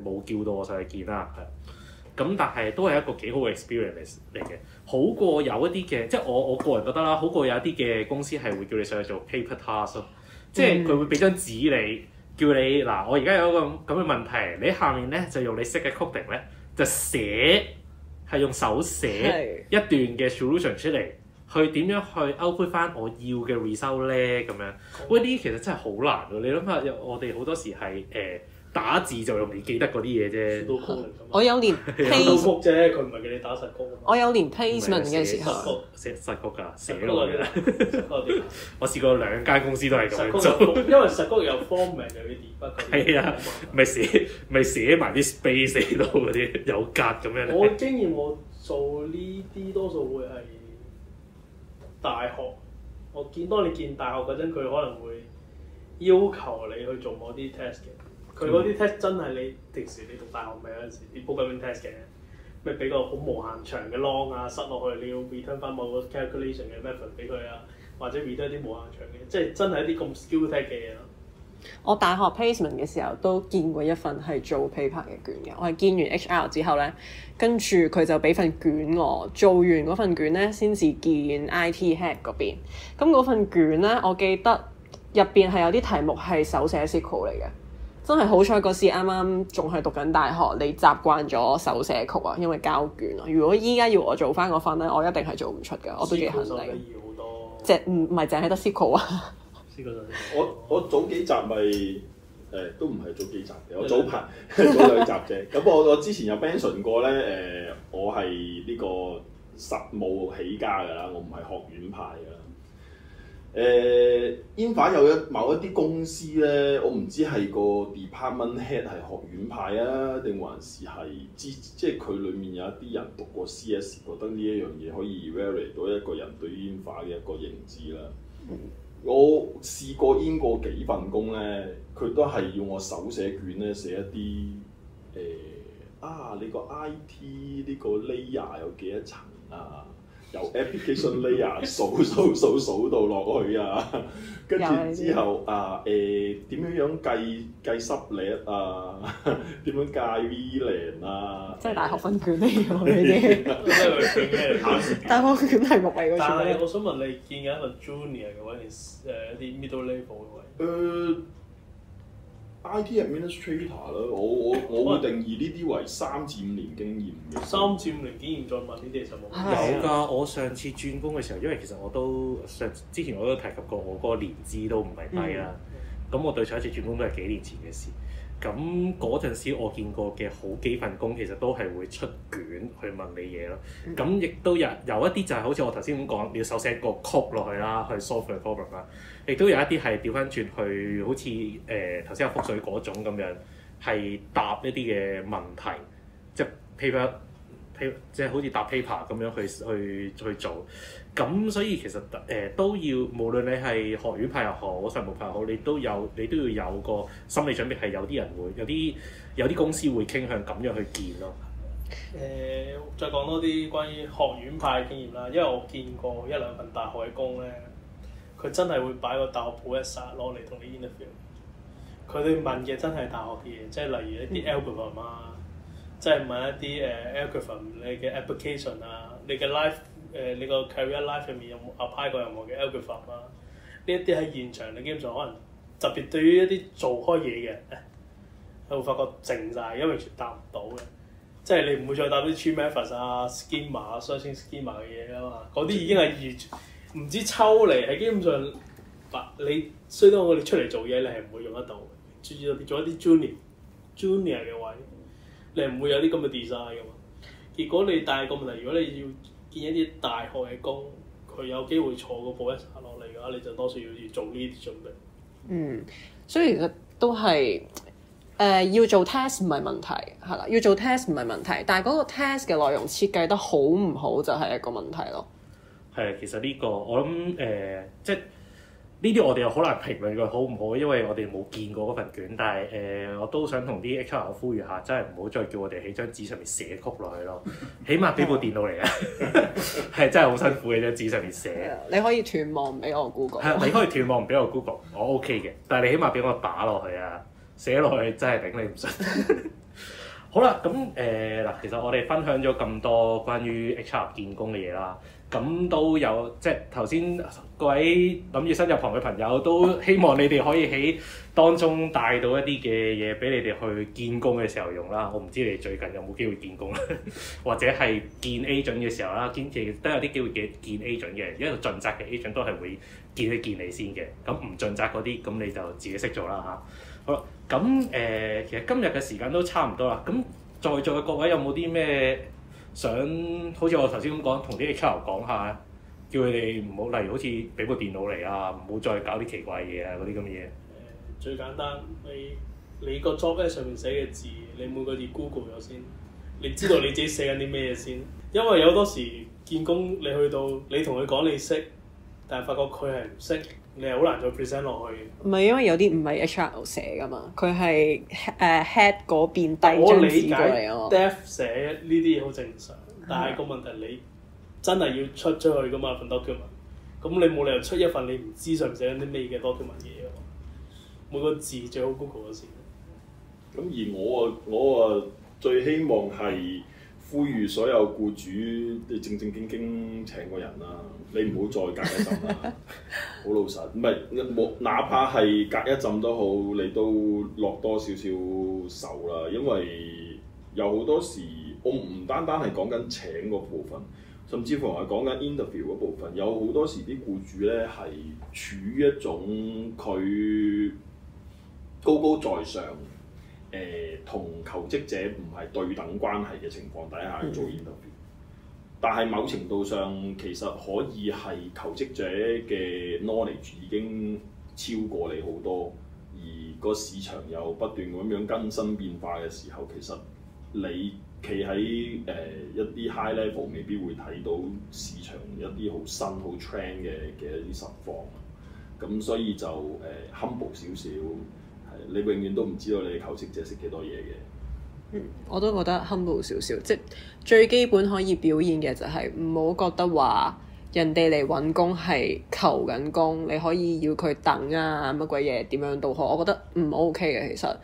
冇、呃、叫到我上去見啦。係。咁但係都係一個幾好嘅 experience 嚟嘅，好過有一啲嘅，即係我我個人覺得啦，好過有一啲嘅公司係會叫你上去做 paper task，即係佢會俾張紙你，叫你嗱，我而家有一個咁嘅問題，你下面咧就用你識嘅 coding 咧，就寫係用手寫一段嘅 solution 出嚟，去點樣去 output 翻我要嘅 result 咧咁樣，喂呢啲其實真係好難咯，你諗下，我哋好多時係誒。呃打字就用未記得嗰啲嘢啫。我有年 有打實啫，佢唔係叫你打實稿。我有年 paysman 嘅時候。寫實稿㗎，寫落去啦。我，我， 我試過兩間公司都係咁，因為實稿有 format 又要點係啊，咪寫咪 寫埋啲 space 度嗰啲有格咁樣。我經驗，我做呢啲多數會係大學。我見到你見大學嗰陣，佢可能會要求你去做某啲 test 嘅。佢嗰啲 test 真係你平時你讀大學咪有時 programming test 嘅，咩俾個好無限長嘅 long 啊，塞落去你要 return 翻某個 calculation 嘅 method 俾佢啊，或者 read 一啲無限長嘅，即係真係一啲咁 skill test 嘅嘢咯。啊、我大學 placement 嘅時候都見過一份係做 paper 嘅卷嘅，我係見完 HR 之後咧，跟住佢就俾份卷我，做完嗰份卷咧先至見 IT head 嗰邊。咁嗰份卷咧，我記得入邊係有啲題目係手寫 SQL 嚟嘅。真係好彩，嗰時啱啱仲係讀緊大學，你習慣咗手寫曲啊，因為交卷啊。如果依家要我做翻嗰份咧，我一定係做唔出嘅。我都幾肯定。要好多。凈唔咪凈係得試考啊？我我早幾集咪、就、誒、是呃、都唔係早幾集嘅，的我早排，早兩集啫。咁 我我之前有 ban 純過咧誒、呃，我係呢、呢個實務起家㗎啦，我唔係學院派㗎。誒 Infra 有一某一啲公司咧，我唔知係個 department head 係學院派啊，定還是係資即係佢裏面有一啲人讀過 CS，覺得呢一樣嘢可以 verify 到一個人對 Infra 嘅一個認知啦。Mm. 我試過 in 過幾份工咧，佢都係要我手寫卷咧，寫一啲誒、呃、啊，你 IT 個 IT 呢個 layer 有幾多層啊？由 application layer 數數數數到落去啊，跟住之後啊誒，點樣樣計計濕率啊？點樣計 V 零啊？即係大學分卷嚟嘅嗰啲，大學卷係冇嘅。但係我想問你見緊一個 junior 嘅位，誒一啲 middle level 嘅位。I.T. administrator 咯，我我我會定義呢啲為三至五年經驗嘅。三 至五年經驗再問呢啲其實有㗎，啊啊、我上次轉工嘅時候，因為其實我都上之前我都提及過，我嗰個年資都唔係低啦。咁、嗯、我對上一次轉工都係幾年前嘅事。咁嗰陣時，我見過嘅好幾份工，其實都係會出卷去問你嘢咯。咁亦都有有一啲就係、是、好似我頭先咁講，你要手寫個曲落去啦，去 software problem 啦。亦都有一啲係調翻轉去，好似誒頭先有覆水嗰種咁樣，係答一啲嘅問題，即係譬如。即係好似搭 paper 咁樣去去去做，咁所以其實誒、呃、都要，無論你係學院派又好，實務派又好，你都有你都要有個心理準備，係有啲人會有啲有啲公司會傾向咁樣去見咯。誒、呃，再講多啲關於學院派嘅經驗啦，因為我見過一兩份大學嘅工咧，佢真係會擺個大學鋪一撒攞嚟同你 interview，佢哋問嘅真係大學嘅嘢，即係例如一啲 algorithm 啊。Hmm. 即係問一啲誒、uh, algorithm 你嘅 application 啊，你嘅 life 誒、uh, 你個 career life 入面有冇 apply 過任何嘅 algorithm 啊？呢一啲喺現場你基本上可能特別對於一啲做開嘢嘅，你會發覺靜晒，因為全答唔到嘅。即係你唔會再答啲 tree methods 啊、schema sch 啊、searching schema 嘅嘢啊嘛。嗰啲已經係二唔知抽嚟，係基本上白你。雖然我哋出嚟做嘢，你係唔會用得到。主要變咗一啲 jun junior、junior 嘅位。你唔會有啲咁嘅 design 噶嘛？結果你帶個問題，如果你要見一啲大學嘅工，佢有機會坐個 professor 落嚟嘅話，你就多數要要做呢啲準備。嗯，所以其實都係誒、呃、要做 test 唔係問題，係啦，要做 test 唔係問題，但係嗰個 test 嘅內容設計得好唔好就係一個問題咯。係啊，其實呢、這個我諗誒、呃，即係。呢啲我哋又好難評論佢好唔好，因為我哋冇見過嗰份卷。但係誒、呃，我都想同啲 HR 呼籲下，真係唔好再叫我哋喺張紙上面寫曲落去咯。起碼俾部電腦嚟啊，係 真係好辛苦嘅啫，張紙上面寫。你可以斷網唔俾我 Google。你可以斷網唔俾我 Google，我 OK 嘅。但係你起碼俾我打落去啊，寫落去真係頂你唔順。 好啦，咁誒嗱，其實我哋分享咗咁多關於 HR 見工嘅嘢啦。咁都有，即係頭先各位諗住新入行嘅朋友，都希望你哋可以喺當中帶到一啲嘅嘢俾你哋去見工嘅時候用啦。我唔知你哋最近有冇機會見工， 或者係見 agent 嘅時候啦，兼且都有啲機會嘅見 agent 嘅，因為盡責嘅 agent 都係會見一見你先嘅。咁唔盡責嗰啲，咁你就自己識做啦吓，好啦，咁誒、呃，其實今日嘅時間都差唔多啦。咁在座嘅各位有冇啲咩？想好似我頭先咁講，同啲 HR 講下，叫佢哋唔好例如好似俾部電腦嚟啊，唔好再搞啲奇怪嘢啊，嗰啲咁嘅嘢。誒，最簡單，你你個 job 喺上面寫嘅字，你每個字 Google 咗先，你知道你自己寫緊啲咩嘢先。因為有多時見工，你去到你同佢講你識。但係發覺佢係唔識，你係好難再 present 落去。唔係因為有啲唔係 HR 寫噶嘛，佢係誒 head 嗰邊遞進嚟。我理解 Dept 寫呢啲嘢好正常，但係個問題你真係要出出去噶嘛份 document，咁你冇理由出一份你唔知上面寫啲咩嘅 document 嘅嘢喎。每個字最好 Google 一次。咁而我啊，我啊最希望係。呼籲所有僱主，正正經經請個人啦，你唔好再隔一陣啦，好 老實。唔係冇，哪怕係隔一陣都好，你都落多少少手啦。因為有好多時，我唔單單係講緊請個部分，甚至乎係講緊 interview 嗰部分。有好多時啲僱主咧係處於一種佢高高在上。誒同、呃、求職者唔係對等關係嘅情況底下做 interview，嗯、但係某程度上其實可以係求職者嘅 knowledge 已經超過你好多，而個市場又不斷咁樣更新變化嘅時候，其實你企喺誒一啲 high level，未必會睇到市場一啲好新好 trend 嘅嘅一啲實況，咁所以就誒、呃、humble 少少。你永遠都唔知道你求職者識幾多嘢嘅、嗯。我都覺得 humble 少少，即最基本可以表現嘅就係唔好覺得話人哋嚟揾工係求緊工，你可以要佢等啊乜鬼嘢點樣都好，我覺得唔 OK 嘅。其實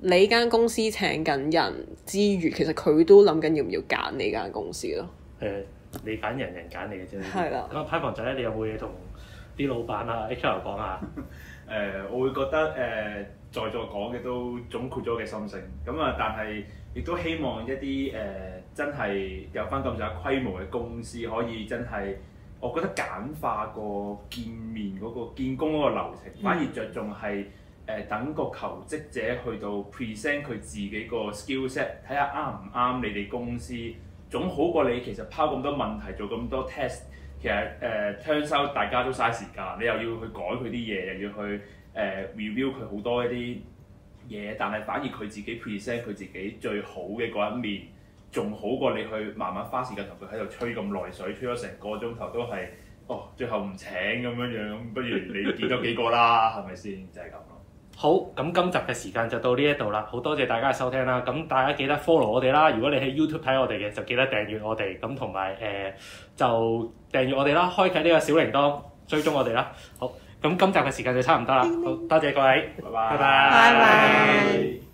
你間公司請緊人之餘，其實佢都諗緊要唔要揀你間公司咯。誒、嗯，你揀人，人你，人揀你嘅啫。係啦。咁啊，派房仔你有冇嘢同啲老闆啊、HR 講啊？誒 呃，我會覺得誒。呃在座講嘅都總括咗我嘅心聲，咁啊，但係亦都希望一啲誒、呃、真係有翻咁上下規模嘅公司，可以真係，我覺得簡化個見面嗰、嗰個見工嗰個流程，反而着重係誒、呃、等個求職者去到 present 佢自己個 skillset，睇下啱唔啱你哋公司，總好過你其實拋咁多問題做咁多 test，其實誒雙輸大家都嘥時間，你又要去改佢啲嘢，又要去。誒、呃、review 佢好多一啲嘢，但係反而佢自己 present 佢自己最好嘅嗰一面，仲好過你去慢慢花時間同佢喺度吹咁耐水，吹咗成個鐘頭都係，哦，最後唔請咁樣樣，不如你見多幾個啦，係咪先？就係咁咯。好，咁今集嘅時間就到呢一度啦，好多謝大家嘅收聽啦。咁大家記得 follow 我哋啦，如果你喺 YouTube 睇我哋嘅，就記得訂閱我哋，咁同埋誒就訂閱我哋啦，開啟呢個小鈴鐺，追蹤我哋啦。好。咁今集嘅時間就差唔多啦，好多謝各位，拜拜，拜拜。